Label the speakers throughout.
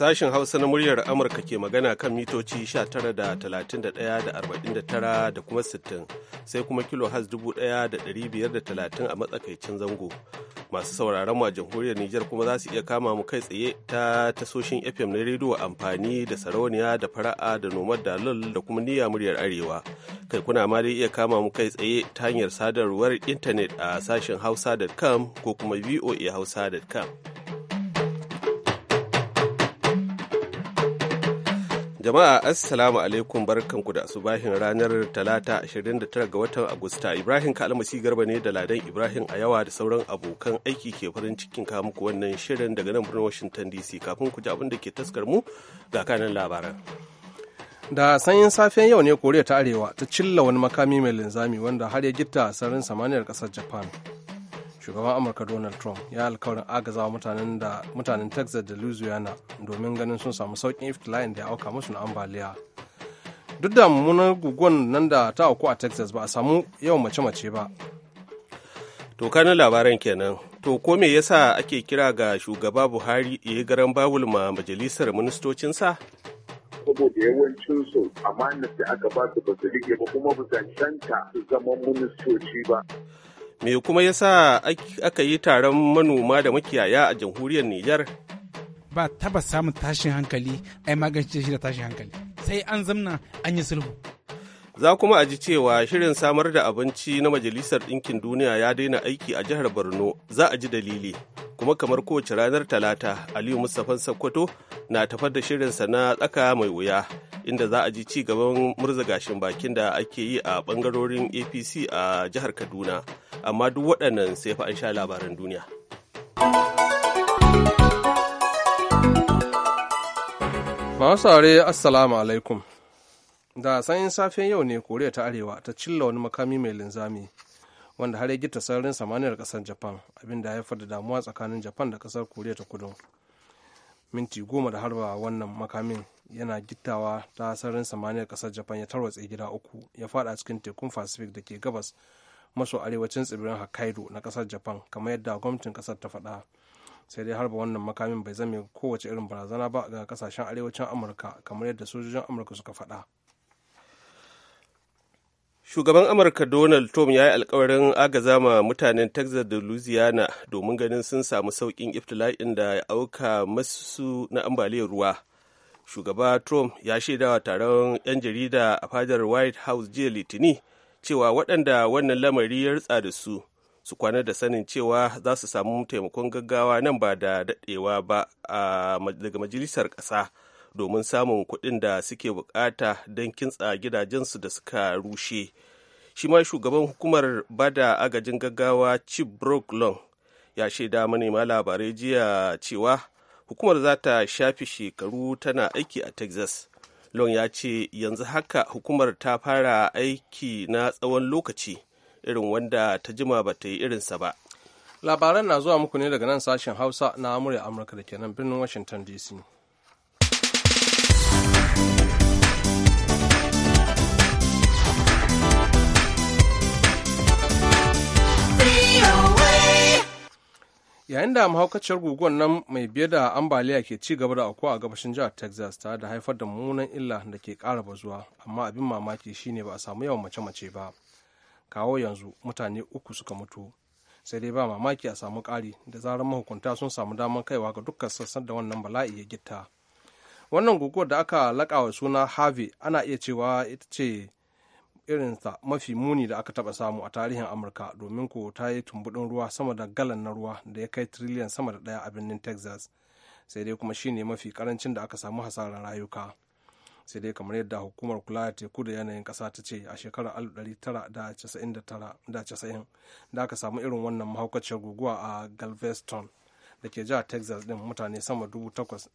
Speaker 1: Sashen Hausa na muryar Amurka ke magana kan mitoci 19 da 31 da 49 da kuma 60 sai kuma kilo has 1530 a matsakaicin zango. Masu sauraron mu a jamhuriyar Nijar kuma za su iya kama mu kai tsaye ta tasoshin FM na rediyo amfani da sarauniya da fara'a da nomad dalol da kuma niyya muryar arewa. Kai kuna ma dai iya kama mu kai tsaye ta hanyar sadarwar intanet a sashen hausa.com ko kuma voahausa.com. Jama'a Assalamu alaikum barkanku da asubahin ranar Talata 29 ga watan Agusta. Ibrahim Kalmasi Garba ne da Ladan Ibrahim a yawa da sauran abokan aiki ke farin cikin kawo muku wannan shirin daga nan birnin Washington DC kafin ku ji abin da ke taskar mu ga kanan labaran.
Speaker 2: Da sanyin safiyan yau ne Koriya ta Arewa ta cilla wani makami mai linzami wanda har ya gitta sararin samaniyar kasar Japan. shugaban amurka donald trump ya alkawarin agazawa mutanen texas da louisiana domin ganin sun samu saukin iftila'in da ya auka musu na ambaliya duk da mummunar guguwar nan da ta auku a texas ba a samu yawan mace-mace ba
Speaker 1: to kanin labaran kenan to ko me yasa ake kira ga shugaba buhari ya garan babul ma majalisar ministocinsa
Speaker 3: saboda yawancinsu amanar da aka ba su ba su rike ba kuma ba su zama ministoci ba
Speaker 1: Me kuma yasa aka yi taron manoma da makiyaya a jamhuriyar Nijar?
Speaker 2: Ba taba samun tashin hankali, ai magance shi da tashin hankali. Sai an zamna an yi sulhu.
Speaker 1: Za kuma a ji cewa shirin samar da abinci na Majalisar Ɗinkin Duniya ya daina aiki a jihar Borno, za a ji dalili. Kuma kamar kowace ranar Talata, Aliyu Mustapha Sakkwato na tafar da shirinsa na tsaka mai wuya, inda za a ji ci gaban murza gashin bakin da ake yi a bangarorin APC a jihar Kaduna. amma duk waɗannan sai fa an sha labaran duniya.
Speaker 2: Mawasare Assalamu alaikum. Da sanyin safiyan yau ne Koriya ta Arewa ta cilla wani makami mai linzami wanda har ya gita sararin samaniyar kasar Japan abinda ya haifar da damuwa tsakanin Japan da kasar Koriya ta Kudu. Minti goma da harba wannan makamin yana gittawa ta sararin samaniyar kasar Japan ya tarwatse gida uku ya fada cikin tekun Pacific da ke gabas maso arewacin tsibirin hokkaido na kasar japan kamar yadda gwamnatin kasar ta faɗa sai dai harba wannan makamin bai zame kowace irin barazana ba ga kasashen arewacin amurka kamar yadda sojojin amurka suka faɗa shugaban
Speaker 1: amurka donald trump ya yi alkawarin agaza ma mutanen texas da louisiana domin ganin sun samu sauƙin iftila'in da ya auka masu na ambaliyar ruwa shugaba trump ya shaidawa taron 'yan jarida a fadar white house jiya litini cewa waɗanda wannan lamari ya rutsa da su su kwana da sanin cewa za su samu taimakon gaggawa nan ba da daɗewa ba daga majalisar ƙasa domin samun kuɗin da suke bukata don kintsa gidajensu da suka rushe shi ma shugaban hukumar bada agajin gaggawa chip brook long ya shaida manema labarai jiya cewa hukumar za ta shafi shekaru tana aiki a texas long ya ce yanzu haka hukumar ta fara aiki na
Speaker 2: tsawon lokaci irin wanda ta jima ba ta yi irinsa ba labaran na zuwa muku ne daga nan sashen hausa na amurka da nan birnin washington dc yayin da mahaukaciyar guguwar nan mai biye da ambaliya ke ci gaba da aukuwa a gabashin jihar texas ta da haifar da mummunan illa da ke kara bazuwa amma abin mamaki shine ba a samu yawan mace-mace ba kawo yanzu mutane uku suka mutu sai dai ba mamaki a samu ƙari da zarar mahukunta sun samu damar kaiwa ga dukkan sassan da wannan bala'i ya gitta wannan guguwar da aka wa suna harvey ana iya cewa ita ce irinsa mafi muni da aka taba samu a tarihin amurka domin ko ta yi tumbudin ruwa sama da galan na ruwa da ya kai tiriliyan sama da daya a birnin texas sai dai kuma shine mafi karancin da aka samu hasarar rayuka sai dai kamar yadda hukumar kula da teku da yanayin kasa ta ce a shekarar 1990 da aka samu irin wannan mahaukaciyar guguwa a galveston da ke jihar texas din mutane sama dubu takwas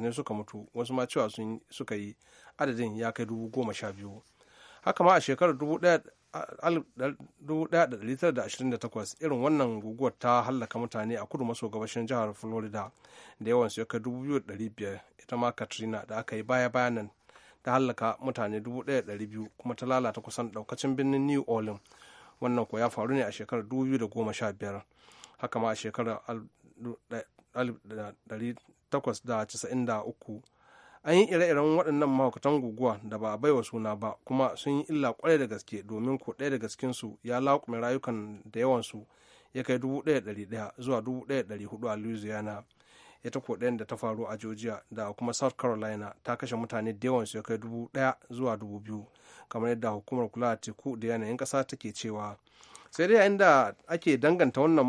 Speaker 2: ne suka mutu wasu ma cewa suka yi adadin ya kai dubu goma sha biyu haka ma a shekarar 1928 irin wannan guguwar ta hallaka mutane a kudu maso gabashin jihar florida da yawan su ya kai 2,500 ita ma katrina da aka yi baya bayanan ta hallaka mutane 1,200 kuma ta lalata kusan daukacin birnin new orleans wannan ko ya faru ne a shekarar 2015 haka ma a shekarar 1893 an yi ire-iren waɗannan mahaukatan guguwa da ba a baiwa suna ba kuma sun yi illa kwarai da gaske domin ko ɗaya daga cikinsu ya laƙume rayukan da yawansu ya kai dubu ɗaya zuwa dubu hudu a louisiana ita ko ɗayan da ta faru a georgia da kuma south carolina ta kashe mutane da yawansu ya kai dubu ɗaya zuwa dubu biyu kamar yadda hukumar kula da teku da yanayin ƙasa take cewa sai dai yayin da ake danganta wannan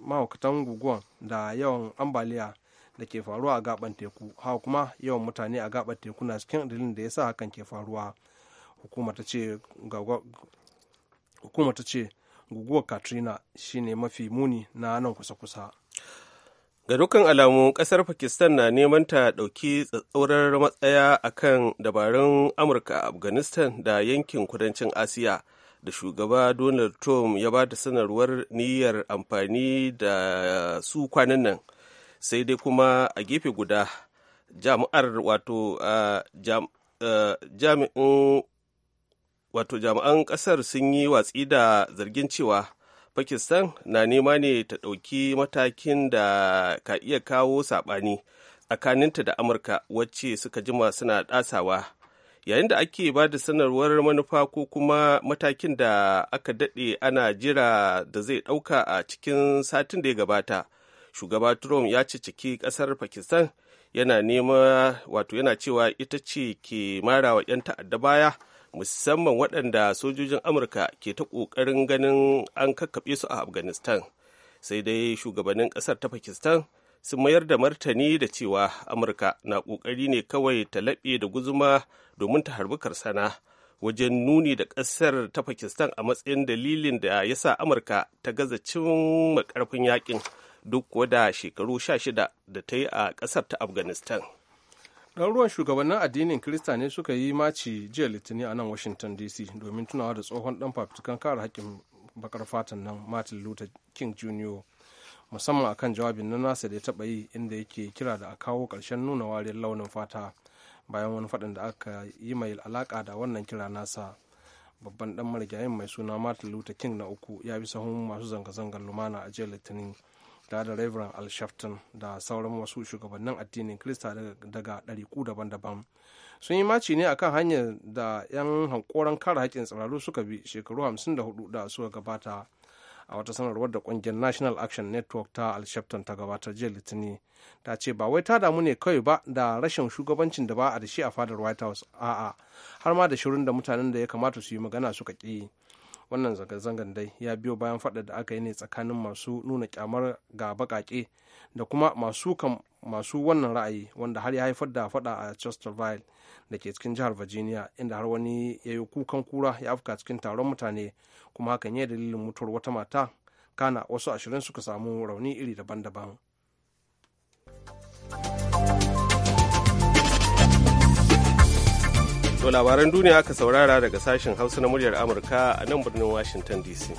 Speaker 2: mahaukatan guguwan da yawan ambaliya da ke faruwa a gaban teku haka kuma yawan mutane a gaban teku na cikin dalilin da ya sa hakan ke faruwa hukumar ta ce guguwar katrina shine mafi muni na nan kusa-kusa
Speaker 1: ga dukkan alamu kasar pakistan na neman ta dauki tsatsaurar matsaya a kan dabarun amurka a afghanistan da yankin kudancin asiya da shugaba donald trump ya ba da sanarwar niyyar amfani da su kwanan nan sai dai kuma a gefe guda jami'ar wato jami'in wato jami'an kasar sun yi watsi da zargin cewa pakistan na nema ne ta ɗauki matakin da ka iya kawo saɓani tsakaninta da amurka wacce suka jima suna ɗasawa yayin da ake ba da sanarwar manufa ko kuma matakin da aka daɗe ana jira da zai ɗauka a cikin satin da ya gabata shugaba trump ya ciki kasar pakistan yana nema wato yana cewa ita ce ke mara wa 'yan ta'adda baya musamman waɗanda sojojin amurka ke ta ƙoƙarin ganin an kakkaɓe su a afghanistan sai dai shugabannin ƙasar ta pakistan sun mayar da martani da cewa amurka na ƙoƙari ne kawai ta laɓe da guzuma domin ta harbi karsana wajen nuni da ƙasar ta pakistan a matsayin dalilin da ya sa amurka ta gaza cin makarfin yakin duk wada shekaru sha shida da ta yi a ƙasar ta afghanistan
Speaker 2: ɗaruruwan shugabannin addinin kirista ne suka yi maci jiya litinin a nan washington dc domin tunawa da tsohon ɗan fafitukan kare haƙƙin bakar fatan nan martin luther king jr musamman akan jawabin na nasa da ya taɓa yi inda yake kira da a kawo ƙarshen nuna wariyar launin fata bayan wani faɗin da aka yi mai alaƙa da wannan kira nasa babban ɗan marigayin mai suna martin luther king na uku ya bi sahun masu zanga-zangar lumana a jiya litinin tare da Reverend Al Shafton da sauran wasu shugabannin addinin Krista daga ɗariku daban-daban. Sun yi maci ne akan hanyar da 'yan hankoran kare haƙƙin tsiraru suka bi shekaru 54 da suka gabata. a wata sanarwar da ƙungiyar national action network ta al alshafton ta gabatar jiya litinin ta ce ba wai ta damu ne kawai ba da rashin shugabancin da ba a da shi a fadar white house a'a har ma da shirin da mutanen da ya kamata su yi magana suka ƙi wannan zanga dai ya biyo bayan fada da aka yi ne tsakanin masu nuna kyamar ga baƙaƙe da kuma masu kan masu wannan ra'ayi wanda har ya haifar da faɗa a chesterville da ke cikin jihar virginia inda har wani ya yi kukan kura ya afka cikin taron mutane kuma hakan ya dalilin mutuwar wata mata kana wasu ashirin suka samu rauni iri daban-daban
Speaker 1: To labaran duniya aka saurara daga sashen Hausa na muryar Amurka a nan birnin Washington DC.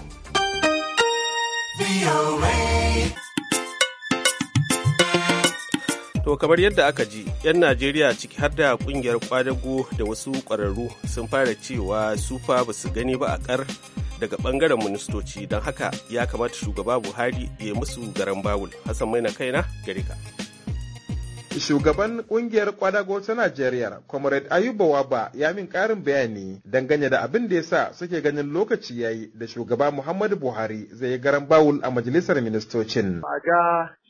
Speaker 1: To kamar yadda aka ji, 'yan Najeriya ciki har da kungiyar kwadago da wasu ƙwararru sun fara cewa sufa fa ba su gani ba a ƙar daga ɓangaren ministoci don haka ya kamata shugaba Buhari ya musu garan bawul. Hassan mai na kaina gari ka.
Speaker 4: Shugaban kungiyar kwadago ta Najeriya, Comrade Ayuba Waba ya min karin bayani dangane da abin da ya sa suke ganin lokaci yayi da shugaba Muhammadu Buhari zai yi garan bawul a majalisar ministocin.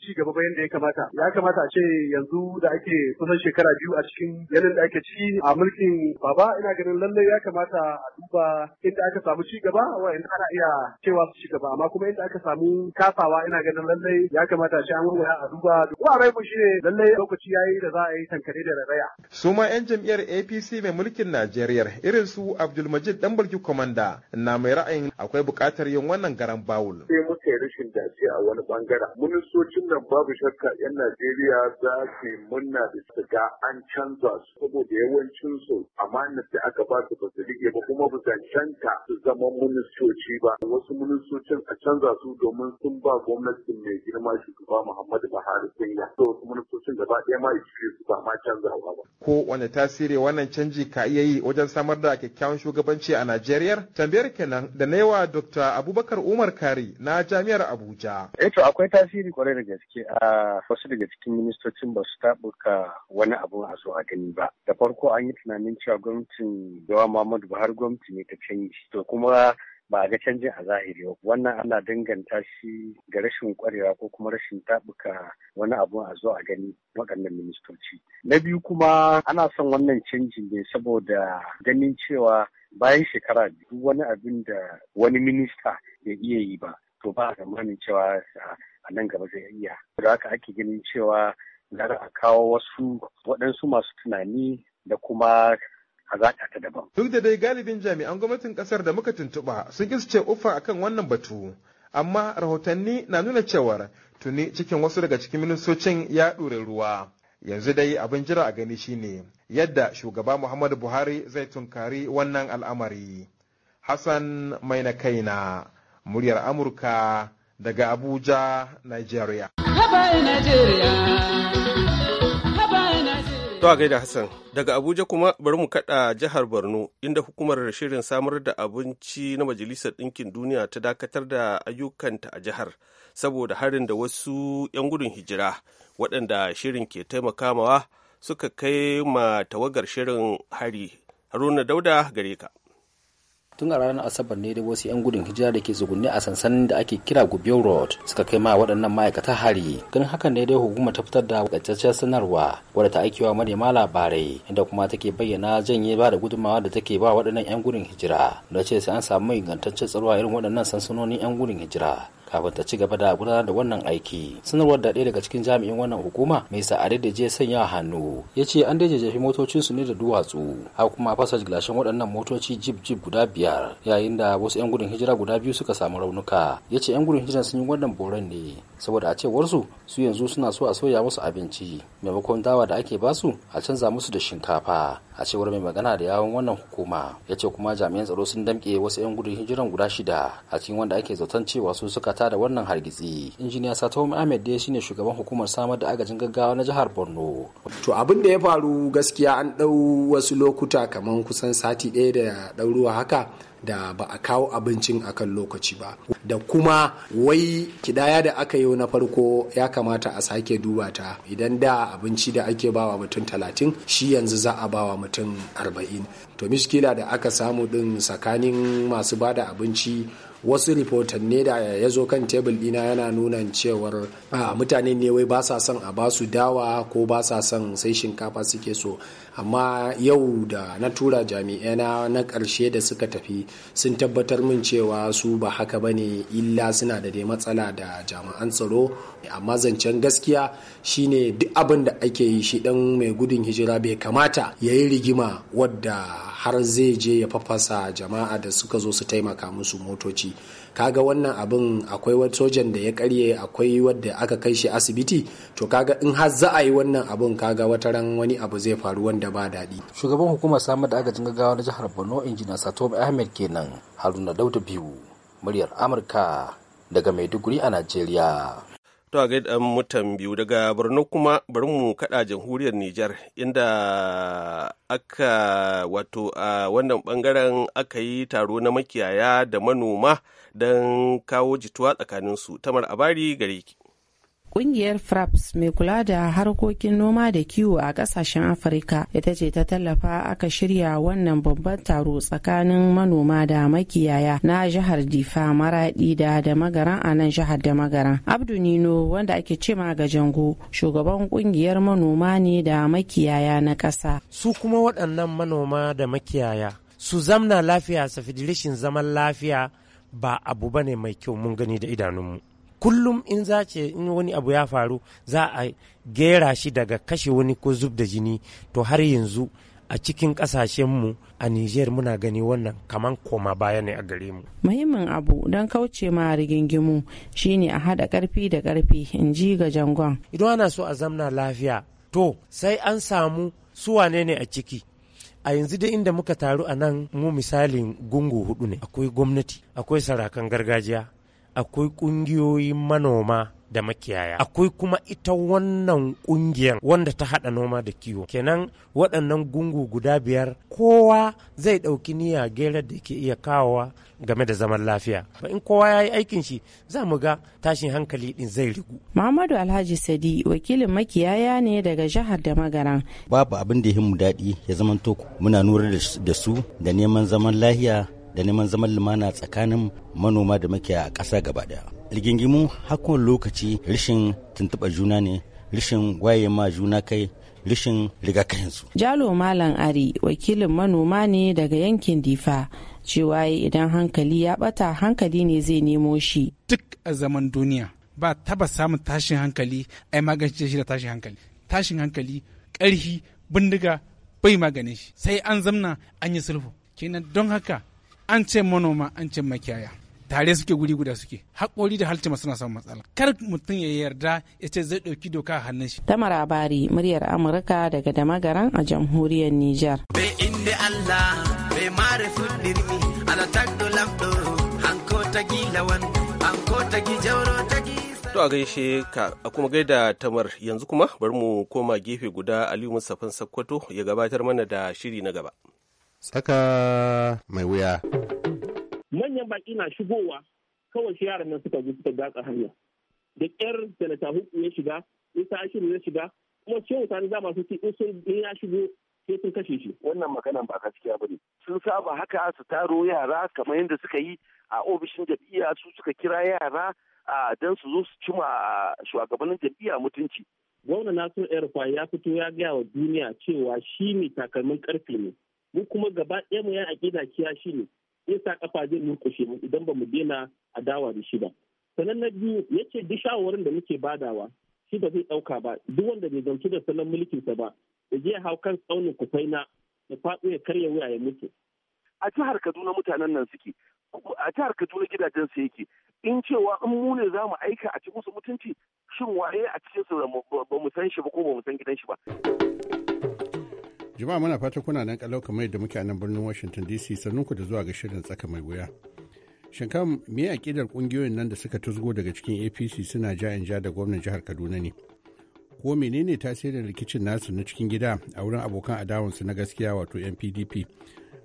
Speaker 4: ci gaba ba yadda ya kamata ya kamata a ce yanzu da ake kusan shekara biyu a cikin
Speaker 1: yanayin da ake ciki a mulkin baba ina ganin lallai ya kamata a duba inda aka samu
Speaker 2: ci gaba wa'anda ana iya cewa su ci gaba amma kuma inda aka samu kafawa ina ganin lallai ya kamata a ce an wurwaya a duba rai mu ne lallai lokaci yayi da za a yi tankare da raraya
Speaker 4: su ma yan jam'iyyar APC mai mulkin Najeriya irin su Abdulmajid Danbarki Komanda na mai ra'ayin akwai buƙatar yin wannan garan bawul
Speaker 3: sai muka yi rashin dace a wani bangaren ministocin nan wannan babu shakka 'yan Najeriya za su munna da shiga an canza su saboda yawancin su amanar da aka ba su ba rike ba kuma ba canta su zama ministoci ba wasu ministocin a canza su domin sun ba gwamnatin mai girma shugaba Muhammadu Buhari kunya so wasu ministocin gaba ɗaya ma ishe su ba ma canzawa ba.
Speaker 4: Ko wani tasiri wannan canji ka iya yi wajen samar da kyakkyawan shugabanci a Najeriya? Tambayar kenan da na yawa Dr. Abubakar Umar Kari na Jami'ar Abuja. Eh to akwai tasiri
Speaker 3: kwarai da gaske. gaske a wasu daga cikin ministocin ba su taɓuka wani abu a zo a gani ba. Da farko an yi tunanin cewa gwamnatin Jawa Muhammadu Buhari gwamnati ne ta canji. To kuma ba a ga canjin a zahiri ba wannan ana danganta shi ga rashin kwarewa ko kuma rashin tabuka wani abu a zo a gani waɗannan ministoci
Speaker 5: na biyu kuma
Speaker 3: ana son wannan canjin ne saboda ganin cewa bayan shekara duk wani abin da wani minista ya iya yi ba to ba a zamanin cewa a nan gaba zai
Speaker 4: iya da haka ake ganin cewa za a kawo wasu waɗansu masu tunani da kuma hazaƙa ta daban. Duk da dai galibin jami'an gwamnatin ƙasar da muka tuntuɓa sun ƙi su ce ufa akan wannan batu. Amma rahotanni na nuna cewar tuni cikin wasu daga cikin ministocin ya ɗure ruwa. Yanzu dai abin jira a gani shine yadda shugaba Muhammadu Buhari zai tunkari wannan al'amari. Hassan mai na Kaina, muryar Amurka daga Abuja, Nigeria. Tawa gaida Hassan,
Speaker 1: daga Abuja kuma bari mu kada jihar Borno inda hukumar shirin samar da abinci na Majalisar Ɗinkin Duniya ta dakatar da ayyukanta a jihar saboda harin da wasu 'yan gudun hijira waɗanda shirin ke taimakawa suka kai ma tawagar shirin hari. Haruna Dauda gare ka.
Speaker 6: tun a ranar asabar ne da wasu 'yan gudun hijira da ke zugunne a sansanin da ake kira gubiyar road suka kai ma waɗannan ma'aikata hari ganin hakan ne dai hukumar ta fitar da wadataccen sanarwa wadda ta aikewa manema labarai inda kuma take bayyana janye ba da gudunmawa da take ba waɗannan 'yan gudun hijira da ce sai an samu ingantaccen tsaro a irin waɗannan sansanonin 'yan gudun hijira kafin ta ci gaba da gudanar da wannan aiki sanarwar da ɗaya daga cikin jami'in wannan hukuma mai sa'ari da je sanya hannu ya ce an dajejefi motocin su ne da duwatsu har kuma fasa gilashin waɗannan motoci jib jib guda biyar yayin da wasu 'yan gudun hijira guda biyu suka samu raunuka ya ce 'yan gudun hijira sun yi wannan boran ne saboda a cewarsu, su su yanzu suna so a soya musu abinci maimakon dawa da ake basu a canza musu da shinkafa a cewar mai magana da yawon wannan hukuma ya ce kuma jami'an tsaro sun damke wasu 'yan gudun hijiran guda shida a cikin wanda ake zaton cewa sun suka tada wannan hargitsi injiniya satomi ahmed
Speaker 5: dai shine shugaban hukumar samar da agajin gaggawa na jihar borno to abin da ya faru gaskiya an ɗau wasu lokuta kamar kusan sati ɗaya da ɗauruwa haka da ba a kawo abincin a kan lokaci ba da kuma wai kidaya da aka yi na farko ya kamata a sake duba ta idan da abinci da ake bawa mutum talatin shi yanzu za a bawa mutum arba'in to miskila da aka samu din tsakanin masu bada abinci wasu ne da ya zo kan tebul dina yana nuna cewar ah, mutane ne wai ba sa son a ba su dawa ko ba sa son sai shinkafa suke so amma yau da na tura jami'ai na karshe da suka tafi sun tabbatar min cewa su ba haka ba ne illa suna da dai matsala da jami'an tsaro amma zancen gaskiya shine duk abin da ake yi shi dan mai gudun hijira bai kamata ya yi rigima wadda har zai je ya fafasa jama'a da suka zo su taimaka musu motoci kaga wannan abin akwai wani sojan da ya karye akwai wadda aka kai shi asibiti to kaga in har za a yi wannan abin kaga wata ran wani abu zai faru wanda ba daɗi shugaban hukumar samar da agajin gaggawa
Speaker 6: na jihar borno injina satobi ahmed kenan haruna dauda biyu muryar amurka daga maiduguri a najeriya To a
Speaker 1: dan mutan biyu daga Borno kuma bari mu kada jamhuriyar Nijar inda aka wato a wannan bangaren aka yi taro na makiyaya da manoma don kawo jituwa tsakaninsu. Tamar Abari gare ki.
Speaker 7: Kungiyar FRAPS mai kula da harkokin noma da kiwo a kasashen Afirka ita ce ta tallafa aka shirya wannan babban taro tsakanin manoma da makiyaya na jihar Difa maraɗi da da magaran a nan jihar da magaran. Abdu Nino wanda ake ce ga jango shugaban kungiyar manoma ne da makiyaya na ƙasa.
Speaker 8: Su kuma waɗannan manoma da makiyaya su zamna lafiya su zaman lafiya ba abu bane mai kyau mun gani da idanunmu. kullum in za ce in wani abu ya faru za a gera shi daga kashe wani ko zub da jini to har yanzu a cikin kasashenmu a Niger muna gani wannan kaman koma baya ne a gare mu.
Speaker 7: Muhimmin abu don kauce ma rigingimu shine a haɗa ƙarfi da karfi in ji ga jangon.
Speaker 8: Idan ana so a zamna lafiya to sai an samu su wanene ne a ciki. A yanzu da inda muka taru a nan mu misalin gungu hudu ne akwai gwamnati akwai sarakan gargajiya akwai ƙungiyoyin manoma da makiyaya akwai kuma ita wannan ƙungiyar wanda ta haɗa noma da kiwo kenan waɗannan gungu guda biyar kowa zai ɗauki niyya gerar da ke iya kawowa game da zaman lafiya in
Speaker 7: kowa ya yi aikin
Speaker 8: shi za mu ga tashin hankali din zai rigu
Speaker 7: muhammadu alhaji sadi wakilin makiyaya ne daga jihar da magaran babu abin da ya mu
Speaker 6: daɗi ya zamanto muna nura da su da neman zaman lahiya da neman zaman lumana tsakanin manoma da makiya a ƙasa gaba ɗaya rigingimu hakon lokaci rashin tuntuɓar juna ne rashin waye ma juna kai rashin rigakafinsu.
Speaker 7: Jalo Malam Ari wakilin manoma ne daga yankin Difa cewa idan hankali ya ɓata hankali ne zai nemo shi. Duk a zaman duniya ba taba samun tashin hankali ai magance shi da tashin hankali. Tashin hankali ƙarfi bindiga
Speaker 2: bai maganin shi sai an zamna an yi sulhu. Kenan don haka an ce manoma an ce
Speaker 5: makiyaya tare suke guri guda suke haƙori da haltima suna samun matsala kar mutum ya yarda
Speaker 8: ya ce zai ɗauki doka a hannun shi
Speaker 7: tamar abari muryar amurka daga damagaran a jamhuriyar nijar. To
Speaker 8: a
Speaker 1: gaishe ka a kuma gaida tamar yanzu kuma bari mu koma gefe guda Aliyu Mustapha Sakkwato ya gabatar
Speaker 3: mana da shiri na gaba.
Speaker 9: Tsaka mai wuya.
Speaker 3: Manyan baƙi na shigowa kawai shi yaran nan suka zo suka gatsa hanya. Da ƙyar sanata hukun ya shiga, isa ashiru ya shiga, kuma ce mutane za masu ce in sun ya shigo sai sun kashe shi. Wannan maganan ba gaskiya ba ne. Sun saba haka su taro yara kamar yadda suka yi a ofishin jam'iyya su suka kira yara don su zo su cima shugabannin jam'iyya mutunci. Gwamna Nasiru Erfa ya fito ya gaya wa duniya cewa shi ne takalmin karfe ne. mu kuma gaba ɗaya mu ya da kiya shi ne yasa kafa zai murkushe mu idan ba mu daina adawa da shi ba sanan na biyu ya ce duk shawarwarin da muke badawa shi ba zai ɗauka ba duk wanda bai zantu da salon mulkinsa ba ya je hau kan tsaunin kufaina ya faɗo ya karya wuya ya mutu a jihar kaduna mutanen nan suke a jihar kaduna gidajen su yake in cewa in mu ne za mu aika a cikin su mutunci shin waye a cikin su ba mu san shi ba ko ba mu san gidan shi ba.
Speaker 2: Jama'a
Speaker 9: muna fata kuna nan kalau kamar yadda muke a nan birnin Washington DC sannan ku da zuwa ga shirin tsaka mai wuya. Shinkan me kidar kungiyoyin nan da suka tuzgo daga cikin APC suna ja in ja da gwamnan jihar Kaduna ne. Ko menene tasirin rikicin nasu na cikin gida a wurin abokan adawansu na gaskiya wato NPDP?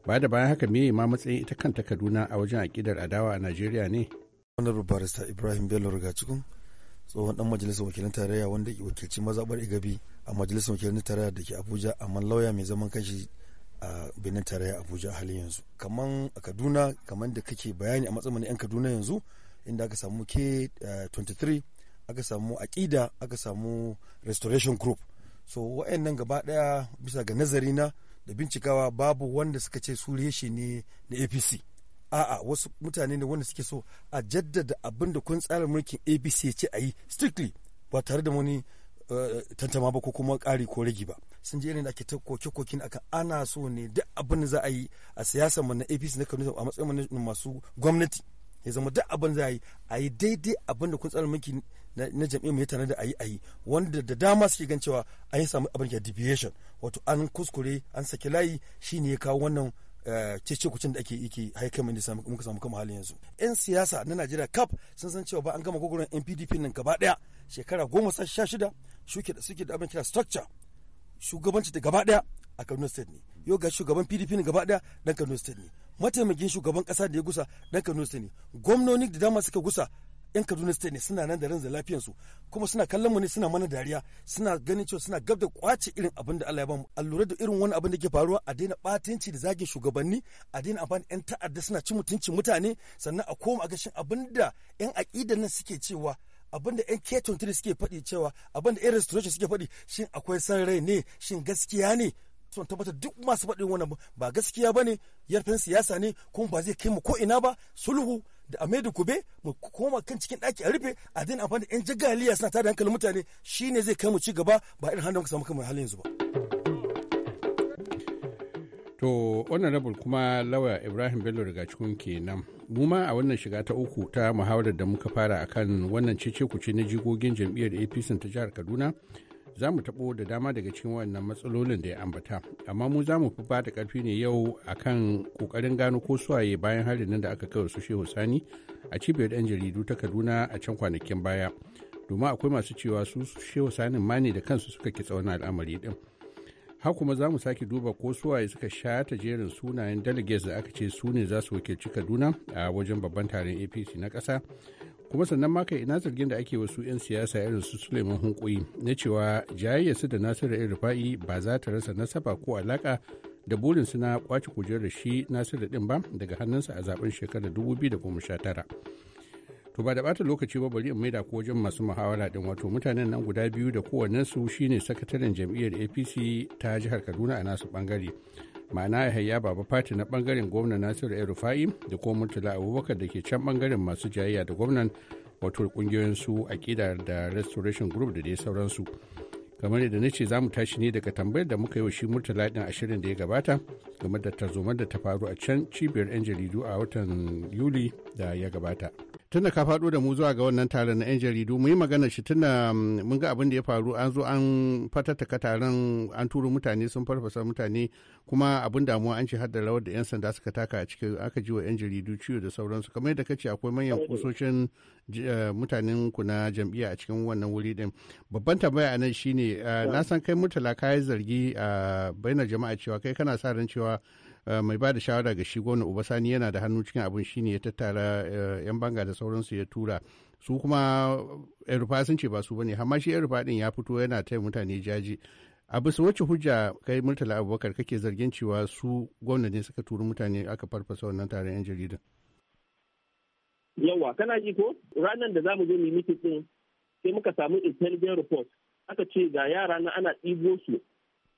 Speaker 9: Ba da bayan haka me ma matsayin ita kanta Kaduna a wajen akidar
Speaker 10: adawa a Najeriya ne? Honorable Barista Ibrahim Bello Rigacikun tsohon dan majalisar wakilin tarayya wanda ke wakilci mazabar igabi a majalisar wakilin tarayya da ke abuja amma lauya mai zaman kanshi a birnin tarayya abuja a halin yanzu kaman a kaduna kaman da kake bayani a matsayin yan kaduna yanzu inda aka samu k 23 eh, aka samu aƙida aka samu restoration group so wa'annan gaba daya bisa ga nazari na da bincikawa babu wanda suka ce su reshe ne na apc a'a wasu mutane ne wanda suke so a jaddada abin da kun tsara mulkin abc ya ce a yi strictly ba tare da wani eh, tantama ba ko kuma ƙari ko rigi ba sun je irin da ake ta koke-koken aka ana so ne duk abin da za a yi a siyasar mu na apc na kano a matsayin mu masu gwamnati ya zama duk abin za a yi a yi daidai abin da kun tsara mulki na jam'iyyar mu ya da a yi a yi wanda da dama suke gan cewa an yi samu abin da deviation wato an kuskure an saki layi shine ya kawo wannan Eh, cece kucin da ake iki hai kai mun muka samu kama halin yanzu yan siyasa na Najeriya kaf sun san cewa ba an gama gogoron NPDP nan gaba daya shekara goma shuke da suke da abin kira structure shugabanci da gaba daya a Kaduna State ne yau ga shugaban PDP ne gaba daya dan Kaduna State ne mataimakin shugaban kasa da ya gusa dan Kaduna State ne gwamnoni da dama suka gusa yan kaduna state ne suna nan da ranzar su kuma suna kallon mu ne suna mana dariya suna ganin cewa suna gab da kwace irin abin da Allah ya bamu allura da irin wani abin da ke faruwa a daina batanci da zage shugabanni a daina amfani yan ta'adda suna cin mutuncin mutane sannan a koma a gashin abin da yan aƙidan nan suke cewa abin da 'yan k23 suke faɗi cewa abin da 'yan restoration suke faɗi shin akwai san rai ne shin gaskiya ne sun tabbatar duk masu faɗin wannan ba gaskiya ba ne yarfin siyasa ne kuma ba zai kai mu ko ina ba sulhu da a da kube mu koma kan cikin ɗaki a rufe a daina amfani da yan jagaliya suna tada hankalin mutane shine zai kai mu ci gaba ba irin hannun ka samu kamar halin yanzu ba.
Speaker 9: To honorable kuma lawa Ibrahim Bello daga cikin kenan. Mu ma a wannan shiga ta uku ta muhawarar da muka fara akan wannan cece kuce na jigogin jam'iyyar APC ta jihar Kaduna za mu taɓo da dama daga cikin wannan matsalolin da ya ambata amma mu za mu fi ba da ƙarfi ne yau akan kokarin gano ko suwaye bayan harin nan da aka kai su shehu sani a cibiyar 'yan jaridu ta kaduna a can kwanakin baya domin akwai masu cewa su shehu sani ma ne da kansu suka kitsa wani al'amari din har kuma za mu sake duba ko suwaye suka shata jerin sunayen delegates da aka ce su ne za su wakilci kaduna a wajen babban taron apc na ƙasa kuma sannan ma kai ina zargin da ake wasu 'yan siyasa irin su suleiman hunkuyi na cewa jayayyarsu da nasiru irin rufa'i ba za ta rasa nasaba ko alaka da burinsu na kwaci kujerar shi nasiru din ba daga hannunsa a zaben shekarar 2019 to ba da bata lokaci ba bari in maida ko wajen masu muhawara din wato mutanen nan guda biyu da kowannensu shine sakataren jam'iyyar apc ta jihar kaduna a nasu bangare ma'ana yahaya baba fati na bangaren gwamnan nasiru el rufa'i da kuma murtala abubakar da ke can bangaren masu jayayya da gwamnan wato kungiyoyin su akida da restoration group da dai sauransu kamar yadda na ce za mu tashi ne daga tambayar da muka yi wa shi murtala din ashirin da ya gabata game da tarzoma da ta faru a can cibiyar 'yan jaridu a watan yuli da ya gabata. tunda ka faɗo da mu zuwa ga wannan taron na 'yan jaridu mu yi magana shi tunda mm, mun ga abin da ya faru an zo an fatattaka taron an turo mutane sun farfasa mutane kuma abin damuwa an ce har da rawar da 'yan sanda suka taka a cikin aka ji wa 'yan jaridu ciwo da sauransu kamar yadda kace akwai manyan kusoshin eh, mutanen ku na jam'iyya a cikin wannan wuri din babban tambaya a nan shine eh, na san kai murtala yi zargi a bainar jama'a cewa kai kana sa ran cewa Eh, mai ba da shawara ga shi gwamna ubasani yana da hannu cikin abin shine ya tattara eh, 'yan banga da sauransu ya tura. Su kuma 'yan eh, sun ce ba su bane, amma shi erufa din ya fito yana taya mutane jaji. a bisa wacce hujja kai murtala abubakar kake zargin cewa su gwamna ne suka turi mutane aka farfasa wannan taron yan jaridan
Speaker 3: yawa kana ji ko ranar da zamu zo mu yi din sai muka samu intelligence report aka ce ga yara na ana ɗibo su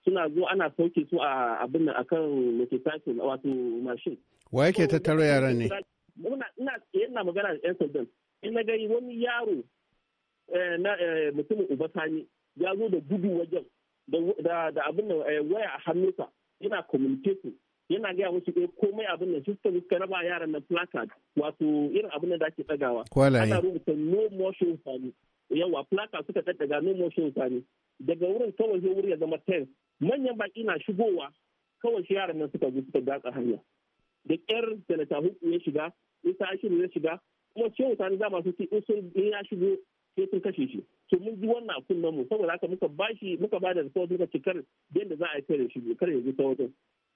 Speaker 3: suna zo ana sauke su a abin nan akan motocycle wato mashin. Wa yake tattaro yaran ne? Muna ina ina magana da 'yan sandan. In na gani wani yaro eh, na eh, mutumin uba sani ya zo da gudu wajen da abin nan eh, waya a hannunsa yana communicating yana gaya musu ɗaya komai abin nan suka suka raba yaran na placard wato irin abin da ake tsagawa. Kwalaye. Ana rubuta no motion sani. Yawa placard suka tsaga no motion sani. Daga wurin kawai zai wuri ya zama tense manyan baki na shigowa kawai shi yaran nan suka zo suka gatsa hanya da ƙyar na tahuku ya shiga isa ashiru ya shiga kuma wuta sani za masu in sun ya shigo sai sun kashe shi to mun ji wannan kunnen mu saboda haka muka shi muka ba da sauran muka cikar yadda za a yi kare shi kare zo ta wajen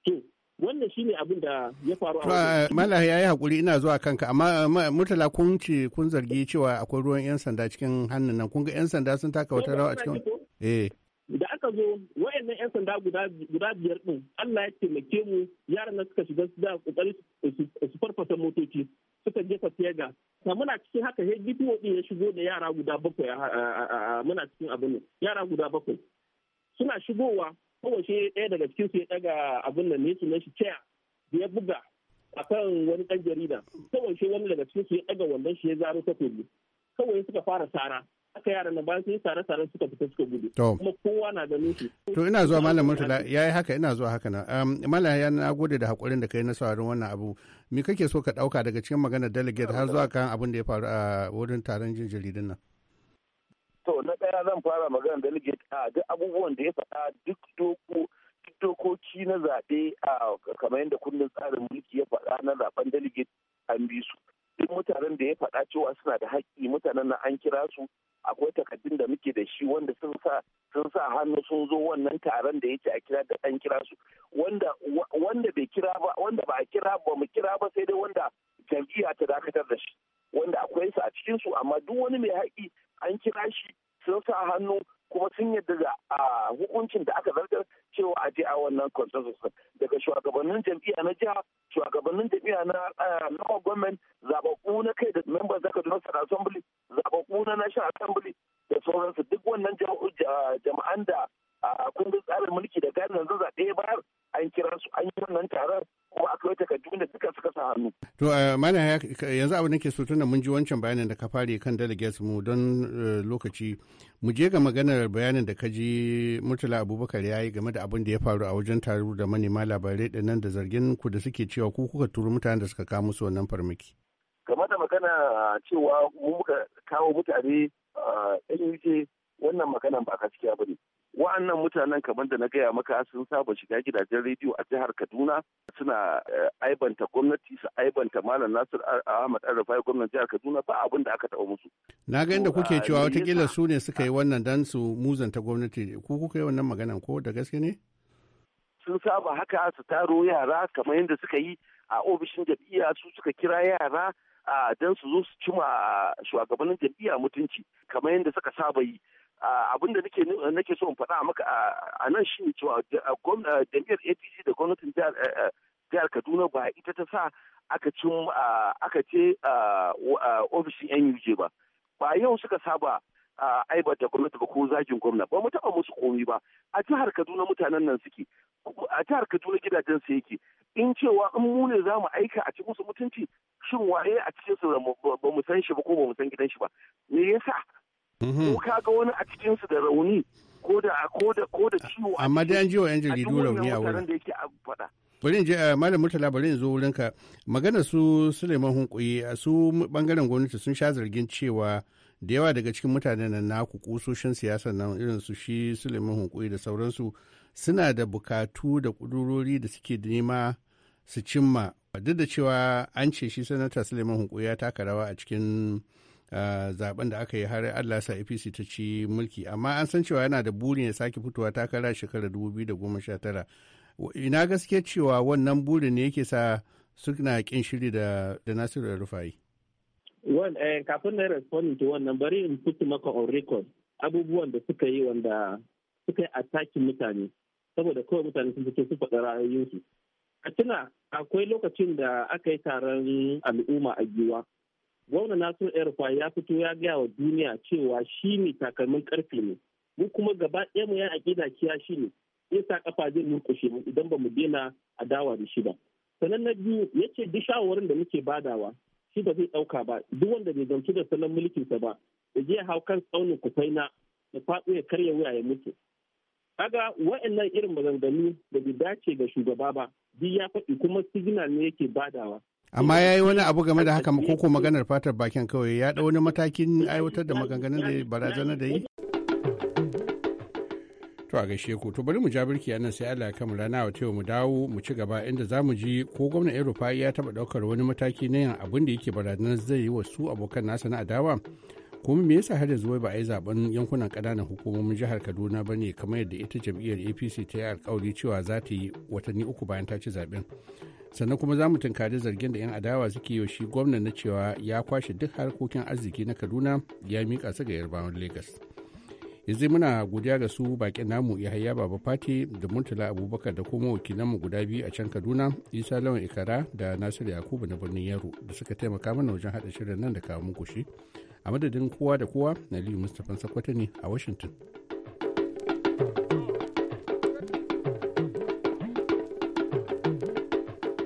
Speaker 3: to wannan shine abin da ya faru a wajen
Speaker 9: ya yi hakuri ina zuwa kanka amma murtala kun ce kun zargi cewa akwai ruwan yan sanda cikin hannun nan kun ga yan sanda sun taka wata rawa a cikin eh
Speaker 3: da aka zo wayannan 'yan sanda guda biyar din Allah ya taimake mu yaran na suka shiga da kokari su farfasa motoci suka jefa tega ta muna cikin haka he DPO din ya shigo da yara guda bakwai muna cikin abin ne yara guda bakwai suna shigowa kawai shi ɗaya daga cikin su ya daga abin nan ne sunan shi chair da ya buga akan wani ɗan jarida kawai shi wani daga cikin su ya daga wannan shi ya zaro takobi kawai suka fara sara aka yaran na bayan sun yi tare tare suka fita suka gudu kuma kowa na da nufi to ina zuwa malam murtala
Speaker 9: yi haka ina zuwa haka na um, malam ya na gode da haƙurin da ka yi na sauraron wannan abu me kake so ka ɗauka daga cikin maganar delegate har zuwa kan abin da ya faru a wurin taron jin jaridun nan
Speaker 3: to na ɗaya zan fara maganar delegate a duk abubuwan da ya faɗa duk doko dokoki na zaɓe a kamar yadda kundin tsarin mulki ya faɗa na zaɓen delegate an bi su duk mutanen da ya faɗa cewa suna da haƙƙi mutanen na an kira su akwai takaddun da muke da shi wanda sun sa sun sa hannu sun zo wannan taron da yace a kira da an kira su wanda wanda bai kira ba wanda ba a kira ba mu kira ba sai dai wanda jam'iyya ta dakatar da shi wanda akwai su a cikin su amma duk wani mai haƙi an kira shi sun sa hannu kuma sun yadda da hukuncin da aka zartar cewa a je a wannan consensus daga shugabannin jam'iyya na jiha shugabannin jam'iyya na eh, local government zababbu na kai da members na kaduna state assembly zaɓaɓɓu na national assembly da sauransu duk wannan jama'an da a kundin tsarin mulki da gadin zan zaɓe bayar an kira su an yi wannan taron kuma aka yi takardu da duka suka sa hannu.
Speaker 9: To eh, mana yanzu abu nake so tunda mun ji wancan bayanin da ka fare kan delegates mu don eh, lokaci mu je ga maganar bayanin da ka ji Murtala Abubakar ya yi game da abin da ya faru a wajen taro da manema labarai da nan da zargin ku da suke cewa ku kuka turo mutanen da suka kawo musu wannan farmaki.
Speaker 3: game da magana cewa mu muka kawo mutane a wuce wannan maganan ba gaskiya ba ne wa'annan mutanen kamar da na gaya maka sun saba shiga gidajen rediyo a jihar kaduna suna eh, aibanta gwamnati su aibanta malam nasir ahmad arrafai gwamnan jihar kaduna ba abin da aka taɓa musu
Speaker 9: na ga inda kuke cewa watakila su ne suka yi wannan dan su muzanta gwamnati ku kuka yi wannan maganan ko da gaske ne
Speaker 3: sun saba haka su taro yara kamar yadda suka yi a ofishin jam'iyya su suka kira yara don su zo su cima shugabannin jam'iyya mutunci kamar yadda suka saba yi abin da nake nake so in faɗa maka a nan shi ne cewa jam'iyyar APC da gwamnatin eh, eh, jihar Kaduna ba ita ta sa aka cin aka ce ofishin NUJ ba ba yau suka saba da gwamnati ba ko zagin gwamna ba mu taɓa musu komi ba a jihar kaduna mutanen nan suke a jihar kaduna gidajen su yake in cewa in mu ne za mu aika a cikin su mutunci shin waye a cikin su ba mu san shi ba ko ba mu san gidan shi ba me yasa mhm. ko ka ga wani a cikin su da rauni ko da ko da ko da ciwo amma dai an ji wa yan jaridu rauni a wurin da yake a faɗa
Speaker 9: bari in je eh, malam murtala bari in zo wurinka maganar su suleiman hunkuyi su bangaren gwamnati sun sha zargin cewa da yawa daga cikin mutanen nan naku kusoshin siyasar nan irin su shi suleiman hunkuri da sauransu suna da bukatu da kudurori da suke nema su cimma duk da cewa an ce shi sanata suleiman hunkuri ya taka rawa a cikin ah, zaben da aka yi har allah sa apc ta ci mulki amma an san cewa yana da burin ya sake fitowa takara shekarar 2019 ina gaske cewa wannan burin ne yake sa suna kin shiri da nasiru rufai
Speaker 3: Eh, kafin na responding to wannan bari in put maka on record abubuwan da suka yi wanda suka yi attacking mutane saboda kawai mutane sun fito su faɗa ra'ayoyinsu a tuna akwai lokacin da aka yi taron al'umma a giwa gwamna nasiru erfa ya fito ya gaya wa duniya cewa shi ne takalmin karfe ne mu kuma gaba ɗaya mu ya aƙida kiya shi ne ya sa kafa zai murƙushe mu idan ba mu daina adawa da shi ba sanannen biyu ya ce duk shawarwarin da muke badawa shi ba zai ɗauka ba duk wanda bai gamsu da salon mulkinsa ba ya je hau kan tsaunin kufaina ya faɗo ya karya wuya ya mutu kaga wa'annan irin maganganu da bai dace ga shugaba ba duk ya faɗi kuma signal ne yake badawa
Speaker 9: amma ya yi wani abu game da haka ko maganar fatar bakin kawai ya ɗau wani matakin aiwatar da maganganun da barazanar da yi To a gaishe ku to bari mu ja birki nan sai Allah ya kama rana wa mu dawo mu ci gaba inda za mu ji ko gwamnan Europa ya taba daukar wani mataki na yin abin da yake barazana zai yi wa su abokan nasa na adawa. Kuma me yasa har yanzu ba a yi zaben yankunan ƙananan hukumomin jihar Kaduna ba ne kamar yadda ita jam'iyyar APC ta yi alkawari cewa za ta yi watanni uku bayan ta ci zaben. sannan kuma za mu tunkari zargin da 'yan adawa suke yi shi gwamnan na cewa ya kwashe duk harkokin arziki na kaduna ya miƙa su ga yarbawan lagos yanzu muna godiya ga su bakin namu yahaya baba fati da murtala abubakar da kuma wakilanmu guda biyu a can kaduna isa lawan ikara da nasiru yakubu na birnin yaro da suka taimaka mana wajen haɗa shirin nan da kawo muku shi a madadin kowa da kowa na liyu mustapha sakwata ne a washington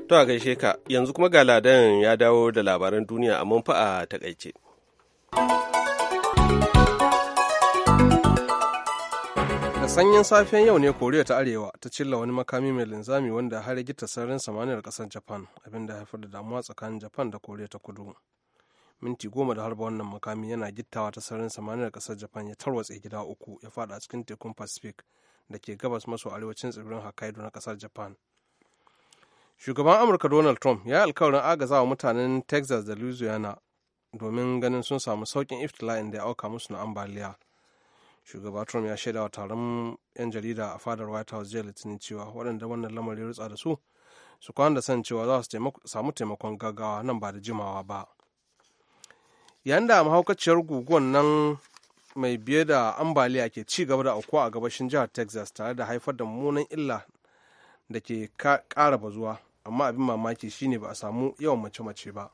Speaker 1: to a gaishe ka yanzu kuma ga ladan ya dawo da labaran duniya a fa a takaice.
Speaker 2: sanyin safiyan yau ne koriya ta arewa ta cilla wani makami mai linzami wanda har gita sararin samaniyar kasar japan abinda haifar da damuwa tsakanin japan da koriya ta kudu minti goma da harba wannan makami yana gittawa ta sararin samaniyar kasar japan ya tarwatse gida uku ya fada cikin tekun pacific da ke gabas maso arewacin tsibirin hokkaido na kasar japan shugaban amurka donald trump ya yi alkawarin agazawa mutanen texas da louisiana domin ganin sun samu saukin iftila'in da ya auka musu na ambaliya shugaba trump ya shaida wa taron 'yan jarida a fadar white house jiya litinin cewa waɗanda wannan lamarin ya rutsa da su su kwana da san cewa za su samu taimakon gaggawa nan ba da jimawa ba yayin da mahaukaciyar guguwan nan mai biye da ambaliya ke ci gaba da aukuwa a gabashin jihar texas tare da haifar da mummunan illa da ke kara bazuwa amma abin mamaki shine ba a samu yawan mace-mace ba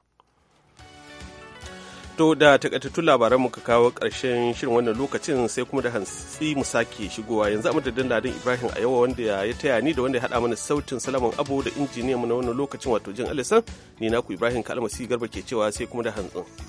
Speaker 1: To da takaitattun labaran muka kawo ƙarshen shirin wannan lokacin sai kuma da hantsi mu sake shigowa yanzu a madadin ladin Ibrahim a wanda ya taya ni da wanda ya haɗa mana sautin salaman abu da injiniya mu na wannan lokacin wato jin alisan ni naku Ibrahim Kalmasi Garba ke cewa sai kuma da hantsin.